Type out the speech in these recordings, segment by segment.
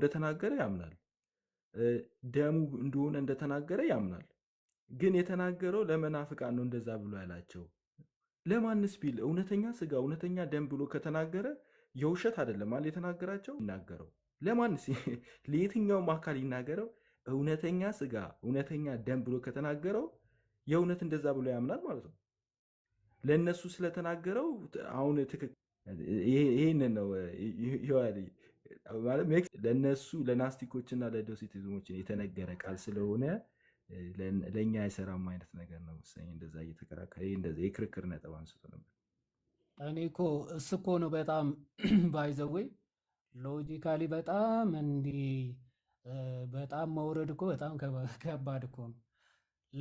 እንደተናገረ ያምናል። ደሙ እንደሆነ እንደተናገረ ያምናል። ግን የተናገረው ለመናፍቃን ነው እንደዛ ብሎ ያላቸው ለማንስ ቢል እውነተኛ ስጋ እውነተኛ ደም ብሎ ከተናገረ የውሸት አይደለም አለ የተናገራቸው ይናገረው ለማንስ ለየትኛውም አካል ይናገረው እውነተኛ ስጋ እውነተኛ ደም ብሎ ከተናገረው የእውነት እንደዛ ብሎ ያምናል ማለት ነው። ለእነሱ ስለተናገረው አሁን ትክክል ይህንን ነው ማለት ሜክስ ለእነሱ ለናስቲኮች እና ለዶሴቲዝሞች የተነገረ ቃል ስለሆነ ለእኛ የሰራም አይነት ነገር ነው መሰለኝ። እንደዛ እየተከራከረ እንደዛ የክርክር ነጥብ አንስቶ ነበር። እኔ እኮ እስኮ ነው በጣም ባይዘዌ ሎጂካሊ በጣም እንዲህ በጣም መውረድ እኮ በጣም ከባድ እኮ ነው።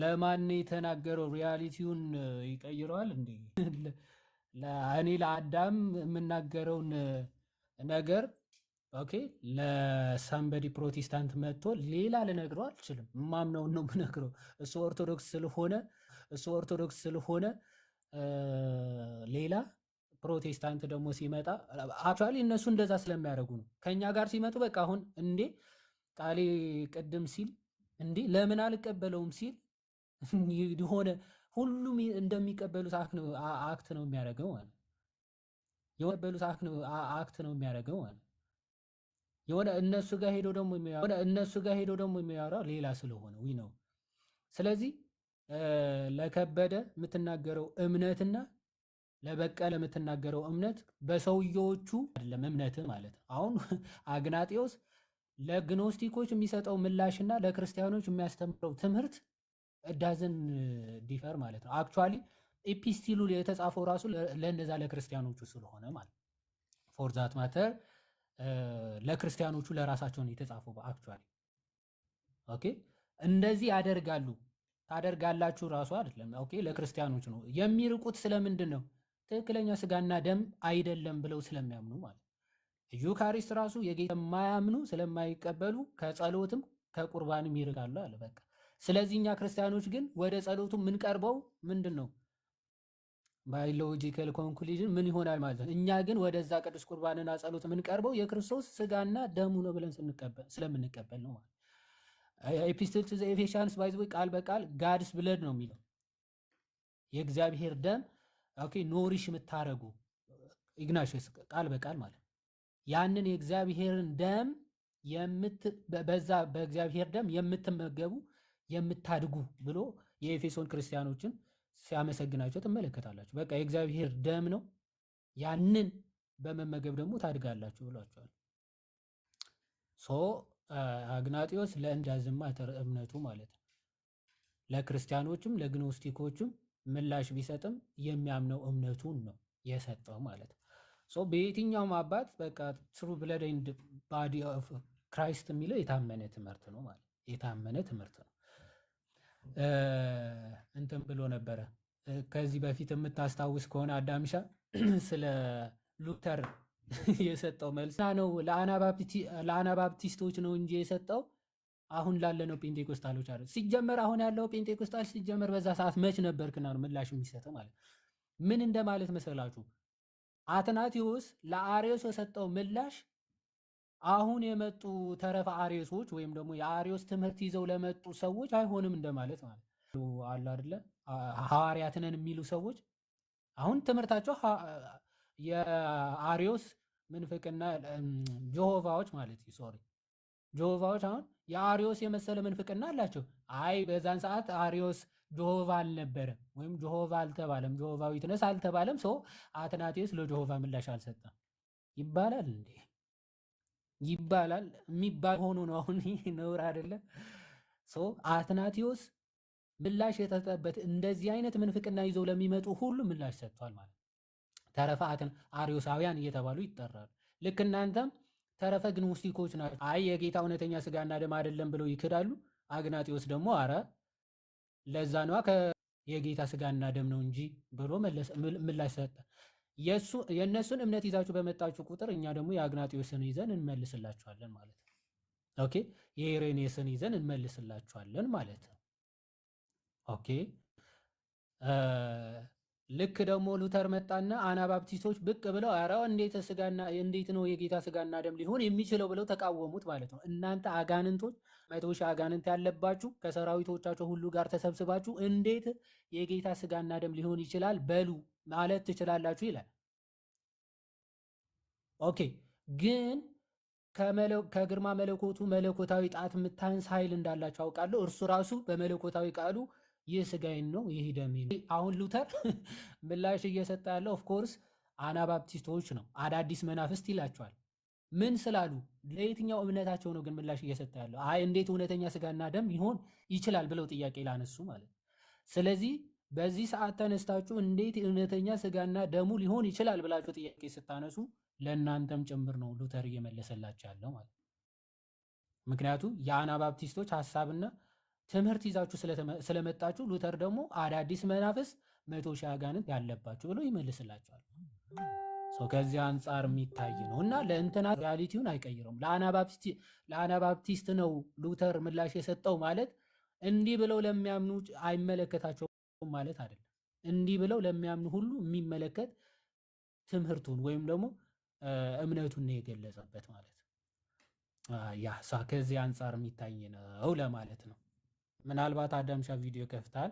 ለማን የተናገረው ሪያሊቲውን ይቀይረዋል እንዴ? እኔ ለአዳም የምናገረውን ነገር ኦኬ ለሳምበዲ ፕሮቴስታንት መጥቶ ሌላ ልነግረው አልችልም። ማምነውን ነው ምነግረው። እሱ ኦርቶዶክስ ስለሆነ እሱ ኦርቶዶክስ ስለሆነ ሌላ ፕሮቴስታንት ደግሞ ሲመጣ አክቹዋሊ እነሱ እንደዛ ስለሚያደርጉ ነው። ከኛ ጋር ሲመጡ በቃ አሁን እንዴ ቃሌ ቅድም ሲል እንዴ ለምን አልቀበለውም ሲል የሆነ ሁሉም እንደሚቀበሉት አክት ነው የሚያደርገው ማለት ነው። የቀበሉት አክት ነው የሚያደርገው ማለት ነው። የሆነ እነሱ ጋር ሄዶ ደግሞ እነሱ ጋር ሄዶ ደግሞ የሚያወራው ሌላ ስለሆነ ዊ ነው። ስለዚህ ለከበደ የምትናገረው እምነትና ለበቀለ የምትናገረው እምነት በሰውየዎቹ አይደለም፣ እምነት ማለት ነው። አሁን አግናጤዎስ ለግኖስቲኮች የሚሰጠው ምላሽና ለክርስቲያኖች የሚያስተምረው ትምህርት እዳዝን ዲፈር ማለት ነው። አክቹዋሊ ኤፒስቲሉ የተጻፈው ራሱ ለእነዛ ለክርስቲያኖቹ ስለሆነ ማለት ፎር ዛት ማተር ለክርስቲያኖቹ ለራሳቸውን የተጻፈው በአክቹዋሊ ኦኬ፣ እንደዚህ ያደርጋሉ ታደርጋላችሁ ራሱ አይደለም ኦኬ፣ ለክርስቲያኖች ነው የሚርቁት። ስለምንድን ነው? ትክክለኛ ስጋና ደም አይደለም ብለው ስለሚያምኑ ማለት ዩካሪስት ራሱ የጌታ የማያምኑ ስለማይቀበሉ ከጸሎትም ከቁርባንም ይርቃሉ አለ። በቃ ስለዚህ እኛ ክርስቲያኖች ግን ወደ ጸሎቱ የምንቀርበው ምንድን ነው ባዮሎጂካል ኮንክሉዥን ምን ይሆናል ማለት ነው። እኛ ግን ወደዛ ቅዱስ ቁርባንና ጸሎት የምንቀርበው የክርስቶስ ስጋና ደሙ ነው ብለን ስለምንቀበል ነው ማለት ኤፒስትል ቱ ኤፌሻንስ ባይ ዘ ወይ ቃል በቃል ጋድስ ብለድ ነው የሚለው የእግዚአብሔር ደም ኦኬ ኖሪሽ የምታረጉ ኢግናሽስ ቃል በቃል ማለት ያንን የእግዚአብሔርን ደም በዛ በእግዚአብሔር ደም የምትመገቡ የምታድጉ ብሎ የኤፌሶን ክርስቲያኖችን ሲያመሰግናቸው ትመለከታላችሁ። በቃ የእግዚአብሔር ደም ነው፣ ያንን በመመገብ ደግሞ ታድጋላችሁ ብሏቸዋል። ሶ አግናጢዎስ ለእንዳዝማ እምነቱ ማለት ነው። ለክርስቲያኖችም ለግኖስቲኮችም ምላሽ ቢሰጥም የሚያምነው እምነቱን ነው የሰጠው ማለት ነው። ሶ በየትኛውም አባት በቃ ትሩ ብለድ ኤንድ ባዲ ኦፍ ክራይስት የሚለው የታመነ ትምህርት ነው ማለት የታመነ ትምህርት ነው። እንትን ብሎ ነበረ። ከዚህ በፊት የምታስታውስ ከሆነ አዳምሻ ስለ ሉተር የሰጠው መልስ ነው ለአናባፕቲስቶች ነው እንጂ የሰጠው አሁን ላለነው ጴንቴኮስታሎች አለ። ሲጀመር አሁን ያለው ጴንቴኮስታል ሲጀመር በዛ ሰዓት መች ነበርክና ነው ምላሽ የሚሰጥ ማለት ምን እንደማለት መሰላችሁ? አትናቲዎስ ለአሬዎስ የሰጠው ምላሽ አሁን የመጡ ተረፈ አሪዮሶች ወይም ደግሞ የአሪዮስ ትምህርት ይዘው ለመጡ ሰዎች አይሆንም እንደማለት ማለት አለ አይደለ? ሐዋርያት ነን የሚሉ ሰዎች አሁን ትምህርታቸው የአሪዮስ ምንፍቅና ጆሆቫዎች ማለት ሶሪ ጆሆቫዎች አሁን የአርዮስ የመሰለ ምንፍቅና አላቸው። አይ በዛን ሰዓት አሪዮስ ጆሆቫ አልነበረም ወይም ጆሆቫ አልተባለም፣ ጆሆቫዊ ትነስ አልተባለም። ሰው አትናቴዎስ ለጆሆቫ ምላሽ አልሰጠም ይባላል እንዴ? ይባላል የሚባል ሆኖ ነው። አሁን ነውር አይደለም። አትናቴዎስ ምላሽ የተሰጠበት እንደዚህ አይነት ምንፍቅና ይዘው ለሚመጡ ሁሉ ምላሽ ሰጥቷል ማለት ተረፈ አሪዮሳውያን እየተባሉ ይጠራሉ። ልክ እናንተም ተረፈ ግኖስቲኮች ናቸው። አይ የጌታ እውነተኛ ስጋና ደም አይደለም ብለው ይክዳሉ። አግናጢዎስ ደግሞ አረ ለዛ ነዋ የጌታ ስጋና ደም ነው እንጂ ብሎ ምላሽ ሰጠ። የእነሱን እምነት ይዛችሁ በመጣችሁ ቁጥር እኛ ደግሞ የአግናጢዮስን ይዘን እንመልስላችኋለን ማለት ነው። ኦኬ የኢሬኔስን ይዘን እንመልስላችኋለን ማለት ነው። ኦኬ ልክ ደግሞ ሉተር መጣና አናባፕቲስቶች ብቅ ብለው ኧረ እንዴት ስጋና እንዴት ነው የጌታ ስጋና ደም ሊሆን የሚችለው ብለው ተቃወሙት ማለት ነው። እናንተ አጋንንቶች መቶሻ አጋንንት ያለባችሁ ከሰራዊቶቻቸው ሁሉ ጋር ተሰብስባችሁ እንዴት የጌታ ስጋና ደም ሊሆን ይችላል በሉ ማለት ትችላላችሁ ይላል። ኦኬ ግን ከግርማ መለኮቱ መለኮታዊ ጣት የምታንስ ኃይል እንዳላቸው አውቃለሁ። እርሱ ራሱ በመለኮታዊ ቃሉ ይህ ስጋዬን ነው ይህ ደሜ ነው። አሁን ሉተር ምላሽ እየሰጠ ያለው ኦፍኮርስ አናባፕቲስቶች ነው። አዳዲስ መናፍስት ይላቸዋል። ምን ስላሉ ለየትኛው እምነታቸው ነው ግን ምላሽ እየሰጠ ያለው? አይ እንዴት እውነተኛ ስጋና ደም ይሆን ይችላል ብለው ጥያቄ ላነሱ ማለት ስለዚህ በዚህ ሰዓት ተነስታችሁ እንዴት እውነተኛ ስጋና ደሙ ሊሆን ይችላል ብላችሁ ጥያቄ ስታነሱ ለእናንተም ጭምር ነው ሉተር እየመለሰላችሁ ያለው ማለት ነው። ምክንያቱም የአና ባፕቲስቶች ሀሳብና ትምህርት ይዛችሁ ስለመጣችሁ ሉተር ደግሞ አዳዲስ መናፍስ መቶ ሺህ አጋንንት ያለባችሁ ብሎ ይመልስላችኋል። ከዚህ አንጻር የሚታይ ነው እና ለእንትና ሪያሊቲውን አይቀይረውም። ለአናባፕቲስት ነው ሉተር ምላሽ የሰጠው ማለት እንዲህ ብለው ለሚያምኑ አይመለከታቸው አያውቁም ማለት አይደለም። እንዲህ ብለው ለሚያምኑ ሁሉ የሚመለከት ትምህርቱን ወይም ደግሞ እምነቱን ነው የገለጸበት ማለት ያ ሳ ከዚህ አንጻር የሚታይ ነው ለማለት ነው። ምናልባት አዳምሻ ቪዲዮ ከፍታል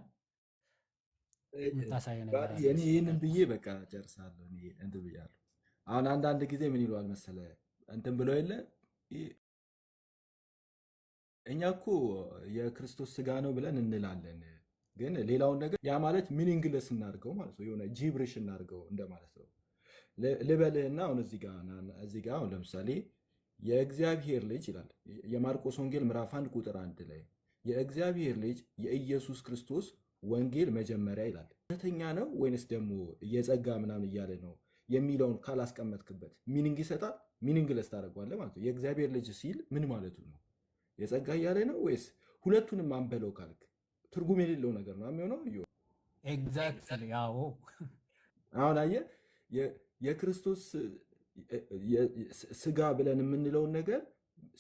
የምታሳየ ነገር እኔ ይህንን ብዬ በቃ ጨርሳለሁ። እንትን ብያለሁ። አሁን አንዳንድ ጊዜ ምን ይለዋል መሰለ እንትን ብለው የለ እኛ እኮ የክርስቶስ ስጋ ነው ብለን እንላለን ግን ሌላውን ነገር ያ ማለት ሚኒንግለስ እናድርገው ማለት ነው፣ የሆነ ጂብሪሽ እናድርገው እንደማለት ነው ልበልህና አሁን እዚህ ጋ አሁን ለምሳሌ የእግዚአብሔር ልጅ ይላል የማርቆስ ወንጌል ምዕራፍ አንድ ቁጥር አንድ ላይ የእግዚአብሔር ልጅ የኢየሱስ ክርስቶስ ወንጌል መጀመሪያ ይላል። እውነተኛ ነው ወይንስ ደግሞ የጸጋ ምናምን እያለ ነው የሚለውን ካላስቀመጥክበት ሚኒንግ ይሰጣል፣ ሚኒንግለስ ታደርገዋለህ ማለት ነው። የእግዚአብሔር ልጅ ሲል ምን ማለቱ ነው? የጸጋ እያለ ነው ወይስ ሁለቱንም አንበለው ካልክ ትርጉም የሌለው ነገር ነው የሚሆነው። ኤግዛክትሊ አዎ። አሁን አየህ የክርስቶስ ስጋ ብለን የምንለውን ነገር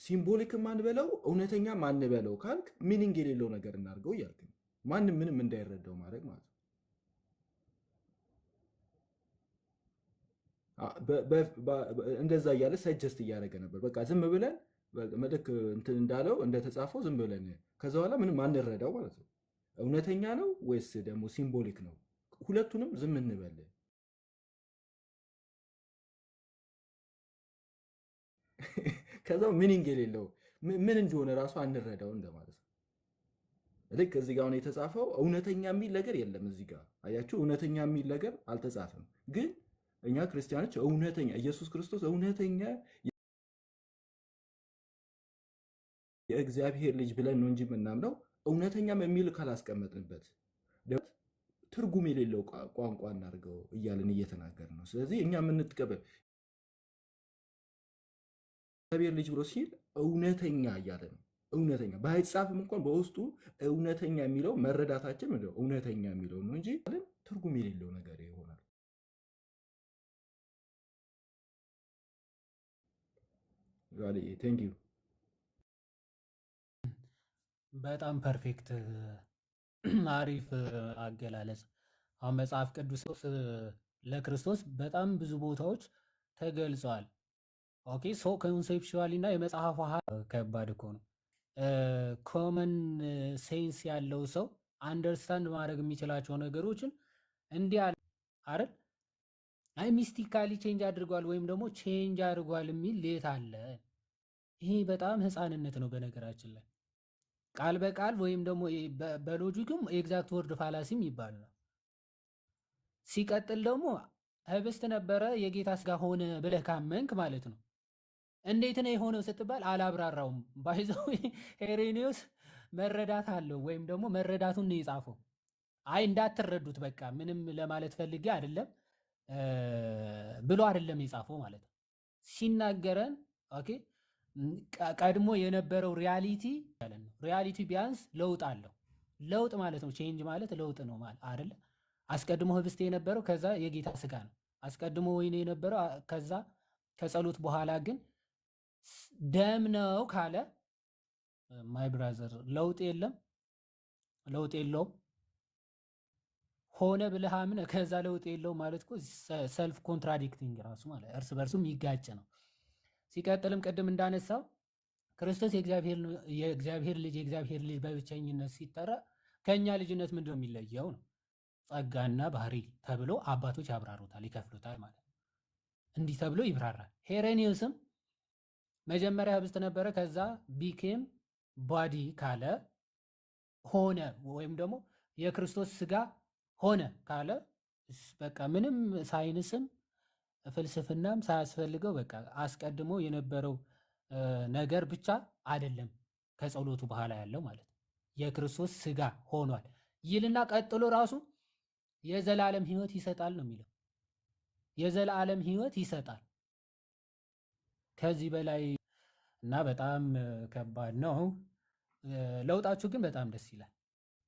ሲምቦሊክ ማንበለው እውነተኛ ማንበለው ካልክ ሚኒንግ የሌለው ነገር እናድርገው እያልክ ማንም ምንም እንዳይረዳው ማድረግ ማለት ነው። እንደዛ እያለ ሰጀስት እያደረገ ነበር። በቃ ዝም ብለን መልክ እንትን እንዳለው እንደተጻፈው ዝም ብለን ከዛ በኋላ ምንም አንረዳው ማለት ነው። እውነተኛ ነው ወይስ ደግሞ ሲምቦሊክ ነው? ሁለቱንም ዝም እንበል። ከዛው ሚኒንግ የሌለው ምን እንደሆነ እራሱ አንረዳው እንደማለት ነው። ልክ እዚህ ጋር የተጻፈው እውነተኛ የሚል ነገር የለም። እዚህ ጋር አያችሁ፣ እውነተኛ የሚል ነገር አልተጻፈም። ግን እኛ ክርስቲያኖች እውነተኛ ኢየሱስ ክርስቶስ እውነተኛ የእግዚአብሔር ልጅ ብለን ነው እንጂ የምናምነው እውነተኛም የሚል ካላስቀመጥንበት ትርጉም የሌለው ቋንቋ እናድርገው እያልን እየተናገር ነው። ስለዚህ እኛ የምንጥቀበል እግዚአብሔር ልጅ ብሎ ሲል እውነተኛ እያለ ነው። እውነተኛ ባይጻፍም እንኳን በውስጡ እውነተኛ የሚለው መረዳታችን እውነተኛ የሚለው ነው እንጂ ትርጉም የሌለው ነገር ይሆናል። ቴንክ ዩ በጣም ፐርፌክት አሪፍ አገላለጽ። አሁን መጽሐፍ ቅዱስ ለክርስቶስ በጣም ብዙ ቦታዎች ተገልጸዋል። ኦኬ ሶ ኮንሴፕሽዋሊ እና የመጽሐፍ ከባድ እኮ ነው። ኮመን ሴንስ ያለው ሰው አንደርስታንድ ማድረግ የሚችላቸው ነገሮችን እንዲህ አለ አይደል? አይ ሚስቲካሊ ቼንጅ አድርጓል ወይም ደግሞ ቼንጅ አድርጓል የሚል ሌት አለ። ይሄ በጣም ህፃንነት ነው በነገራችን ላይ ቃል በቃል ወይም ደግሞ በሎጂክም ኤግዛክት ወርድ ፋላሲም ይባል ነው። ሲቀጥል ደግሞ ህብስት ነበረ የጌታ ስጋ ሆነ ብለህ ካመንክ ማለት ነው። እንዴት ነው የሆነው ስትባል አላብራራውም። ባይዘው ሄሬኒዮስ መረዳት አለው ወይም ደግሞ መረዳቱን ነው የጻፈው። አይ እንዳትረዱት በቃ ምንም ለማለት ፈልጌ አይደለም ብሎ አይደለም የጻፈው ማለት ነው ሲናገረን ኦኬ ቀድሞ የነበረው ሪያሊቲ ሪያሊቲ ቢያንስ ለውጥ አለው። ለውጥ ማለት ነው። ቼንጅ ማለት ለውጥ ነው ማለት አይደለ? አስቀድሞ ህብስት የነበረው ከዛ የጌታ ስጋ ነው። አስቀድሞ ወይን የነበረው ከዛ ከጸሎት በኋላ ግን ደም ነው ካለ ማይ ብራዘር ለውጥ የለም፣ ለውጥ የለውም። ሆነ ብለህ ከዛ ለውጥ የለው ማለት ሰልፍ ኮንትራዲክቲንግ ራሱ ማለት እርስ በርሱም ይጋጭ ነው። ሲቀጥልም ቅድም እንዳነሳው ክርስቶስ የእግዚአብሔር ልጅ የእግዚአብሔር ልጅ በብቸኝነት ሲጠራ ከእኛ ልጅነት ምንድነው የሚለየው ነው ጸጋና ባህሪ ተብሎ አባቶች ያብራሩታል፣ ይከፍሉታል ማለት ነው። እንዲህ ተብሎ ይብራራል። ሄሬኒዮስም መጀመሪያ ህብስት ነበረ፣ ከዛ ቢኬም ባዲ ካለ ሆነ ወይም ደግሞ የክርስቶስ ስጋ ሆነ ካለ በቃ ምንም ሳይንስም ፍልስፍናም ሳያስፈልገው በቃ አስቀድሞ የነበረው ነገር ብቻ አይደለም ከጸሎቱ በኋላ ያለው ማለት የክርስቶስ ስጋ ሆኗል ይልና ቀጥሎ ራሱ የዘላለም ህይወት ይሰጣል ነው የሚለው። የዘላለም ህይወት ይሰጣል ከዚህ በላይ እና በጣም ከባድ ነው። ለውጣችሁ ግን በጣም ደስ ይላል።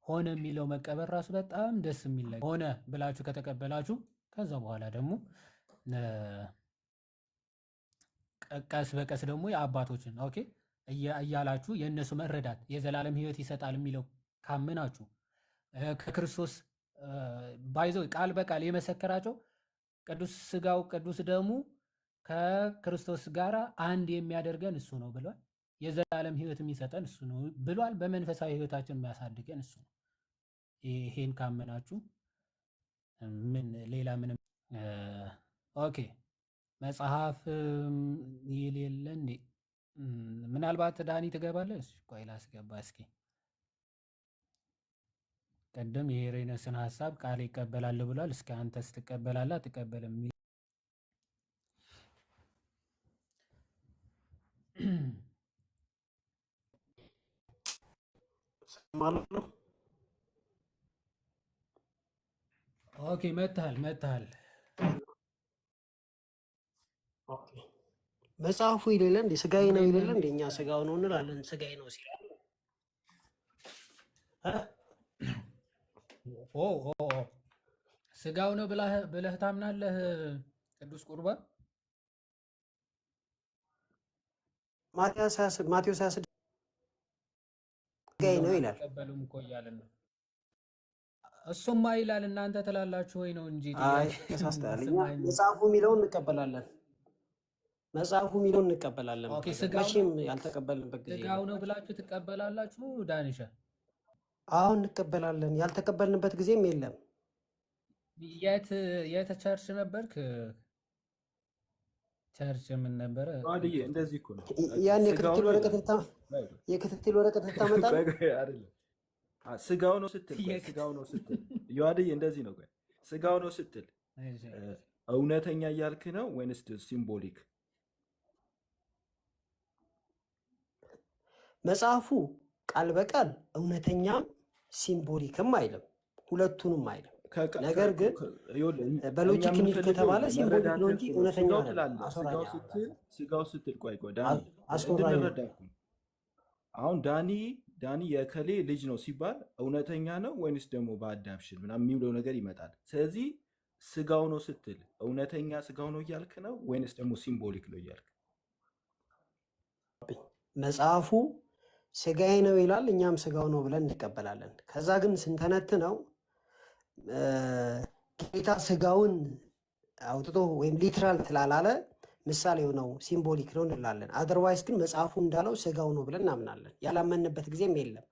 ሆነ የሚለው መቀበል ራሱ በጣም ደስ የሚል ሆነ ብላችሁ ከተቀበላችሁ ከዛ በኋላ ደግሞ ቀስ በቀስ ደግሞ የአባቶችን ኦኬ እያላችሁ የእነሱ መረዳት የዘላለም ህይወት ይሰጣል የሚለው ካመናችሁ ከክርስቶስ ባይዞ ቃል በቃል የመሰከራቸው ቅዱስ ስጋው ቅዱስ ደሙ ከክርስቶስ ጋር አንድ የሚያደርገን እሱ ነው ብሏል። የዘላለም ህይወት የሚሰጠን እሱ ነው ብሏል። በመንፈሳዊ ህይወታችን የሚያሳድገን እሱ ነው። ይሄን ካመናችሁ ምን ሌላ ምንም ኦኬ መጽሐፍ ይል የለ እንዴ? ምናልባት ዳኒ ትገባለህ? ቆይ ላስገባ እስኪ። ቅድም የሄሬነስን ሀሳብ ቃል ይቀበላል ብሏል። እስኪ አንተስ ትቀበላለህ አትቀበልም? ኦኬ መታል መታል መጽሐፉ ይሌለ እንዴ ስጋዬ ነው ይሌለ እንዴ? እኛ ስጋው ነው እንላለን። ስጋዬ ነው ሲል ኦ ኦ ስጋው ነው ብለህ ታምናለህ? ቅዱስ ቁርባን ማቴዎስ ማቴዎስ ስድስት ስጋዬ ነው ይላል። ተቀበሉም እኮ እያለን ነው እሱማ ይላል። እናንተ ትላላችሁ ወይ ነው እንጂ መጽሐፉ የሚለውን እንቀበላለን። መጽሐፉ የሚለውን እንቀበላለን። መቼም ያልተቀበልንበት ጊዜ ስጋው ነው ብላችሁ ትቀበላላችሁ። ዳንሻ አሁን እንቀበላለን። ያልተቀበልንበት ጊዜም የለም። የት የት ቸርች ነበርክ? ቸርች ምን ነበረ? ያን የክትትል ወረቀት የክትትል ወረቀት ልታመጣ ስጋው ነው ስትል ስጋው ነው ስትል ዮሐንስዬ፣ እንደዚህ ነው ስጋው ነው ስትል እውነተኛ እያልክ ነው ወይንስ ሲምቦሊክ መጽሐፉ ቃል በቃል እውነተኛም ሲምቦሊክም አይልም፣ ሁለቱንም አይልም። ነገር ግን በሎጂክ ሚል ከተባለ ሲምቦሊክ ነው እንጂ እውነተኛ ስጋው ስትል ቆይ ቆይ አሁን ዳኒ ዳኒ የከሌ ልጅ ነው ሲባል እውነተኛ ነው ወይንስ ደግሞ በአዳፕሽን ምናምን የሚውለው ነገር ይመጣል። ስለዚህ ስጋው ነው ስትል እውነተኛ ስጋው ነው እያልክ ነው ወይንስ ደግሞ ሲምቦሊክ ነው እያልክ መጽሐፉ ስጋዬ ነው ይላል፣ እኛም ስጋው ነው ብለን እንቀበላለን። ከዛ ግን ስንተነት ነው ጌታ ስጋውን አውጥቶ ወይም ሊትራል ትላላለ ምሳሌው ነው ሲምቦሊክ ነው እንላለን። አደርዋይስ ግን መጽሐፉ እንዳለው ስጋው ነው ብለን እናምናለን። ያላመንበት ጊዜም የለም።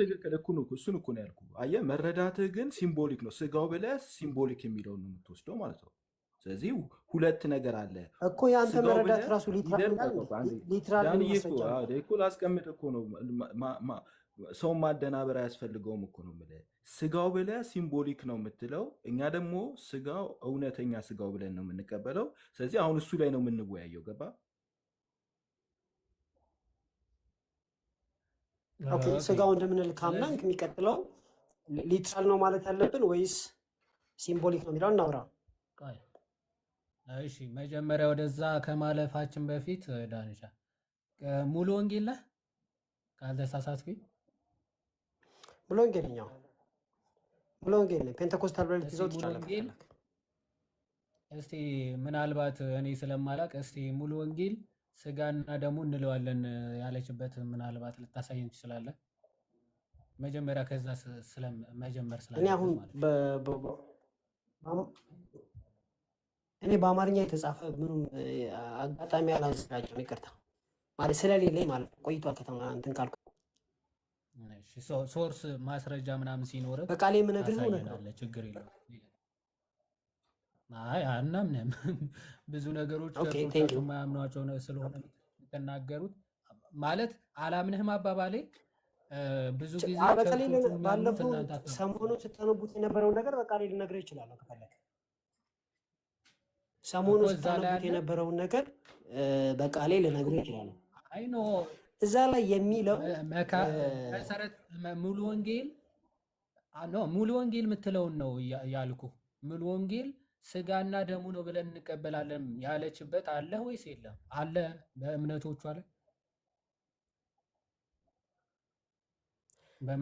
ትክክል። እሱን እኮ ነው ያልኩህ። አየህ፣ መረዳትህ ግን ሲምቦሊክ ነው። ስጋው ብለህ ሲምቦሊክ የሚለውን ነው የምትወስደው ማለት ነው። ስለዚህ ሁለት ነገር አለ እኮ የአንተ መረዳት ራሱ ሊትራል ላስቀምጥ እኮ ነው። ሰው ማደናበር አያስፈልገውም እኮ ነው የምልህ። ስጋው ብለህ ሲምቦሊክ ነው የምትለው፣ እኛ ደግሞ ስጋው እውነተኛ ስጋው ብለን ነው የምንቀበለው። ስለዚህ አሁን እሱ ላይ ነው የምንወያየው። ገባ? ስጋው እንደምንል ካመንክ የሚቀጥለው ሊትራል ነው ማለት ያለብን ወይስ ሲምቦሊክ ነው የሚለው እናውራ። እሺ መጀመሪያ ወደዛ ከማለፋችን በፊት ዳንሻ ሙሉ ወንጌል ላይ ካልተሳሳትኩኝ ሙሉ ወንጌል ነው። ሙሉ ወንጌል ላይ ፔንተኮስታል ብለህ ልትይዘው ትችላለህ። እስቲ ምናልባት እኔ ስለማላቅ እስቲ ሙሉ ወንጌል ስጋና ደሙ እንለዋለን ያለችበት ምናልባት ልታሳየን ትችላለህ። መጀመሪያ ከዛ ስለም መጀመር ስላለ እኔ አሁን እኔ በአማርኛ የተጻፈ ምንም አጋጣሚ አላዘጋጀም። ይቅርታ ማለት ስለሌለኝ ማለት ቆይቷል ከተማ እንትን ካልኩ ሶርስ ማስረጃ ምናምን ሲኖረ በቃሌ የምነግርህ ሆነ ችግር የለውም። አናምንም። ብዙ ነገሮች የማያምኗቸው ስለሆነ የምትናገሩት ማለት አላምንህም አባባሌ ብዙ ጊዜ ባለፈው ሰሞኑን ስታነቡት የነበረውን ነገር በቃሌ ልነግርህ እችላለሁ ከፈለግህ ሰሞኑ ስታነቡት የነበረውን ነገር በቃሌ ልነግሩ ይችላሉ። እዛ ላይ የሚለው ሙሉ ወንጌል ሙሉ ወንጌል የምትለውን ነው ያልኩ። ሙሉ ወንጌል ስጋና ደሙ ነው ብለን እንቀበላለን ያለችበት አለ ወይስ የለም? አለ በእምነቶቹ አለ።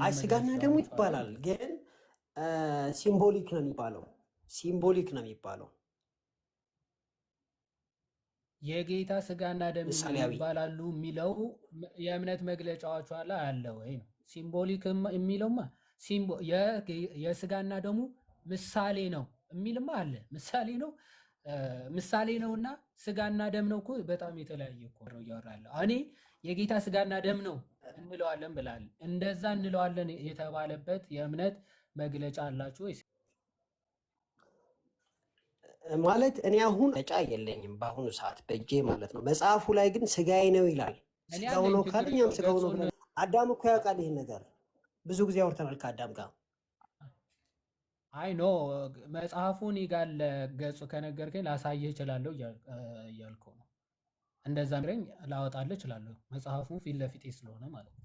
አይ ስጋና ደሙ ይባላል፣ ግን ሲምቦሊክ ነው የሚባለው። ሲምቦሊክ ነው የሚባለው የጌታ ስጋና ደም ይባላሉ የሚለው የእምነት መግለጫዎቿ ላይ አለ ወይ ነው። ሲምቦሊክ የሚለውማ የስጋና ደሙ ምሳሌ ነው የሚልማ አለ። ምሳሌ ነው ምሳሌ ነው እና ስጋና ደም ነው እኮ በጣም የተለያየ እኮ ነው እያወራለሁ። እኔ የጌታ ስጋና ደም ነው እንለዋለን ብላል። እንደዛ እንለዋለን የተባለበት የእምነት መግለጫ አላችሁ ወይ? ማለት እኔ አሁን ነጫ የለኝም በአሁኑ ሰዓት በእጄ ማለት ነው። መጽሐፉ ላይ ግን ስጋዬ ነው ይላል። ስጋው ነው ካለኛም ስጋው ነው። አዳም እኮ ያውቃል ይህን ነገር፣ ብዙ ጊዜ አውርተናል ከአዳም ጋር። አይ ኖ መጽሐፉን ይጋለ ገጹ ከነገርከኝ ላሳየህ እችላለሁ እያልከው ነው። እንደዛ ላወጣልህ እችላለሁ መጽሐፉን ፊት ለፊቴ ስለሆነ ማለት ነው።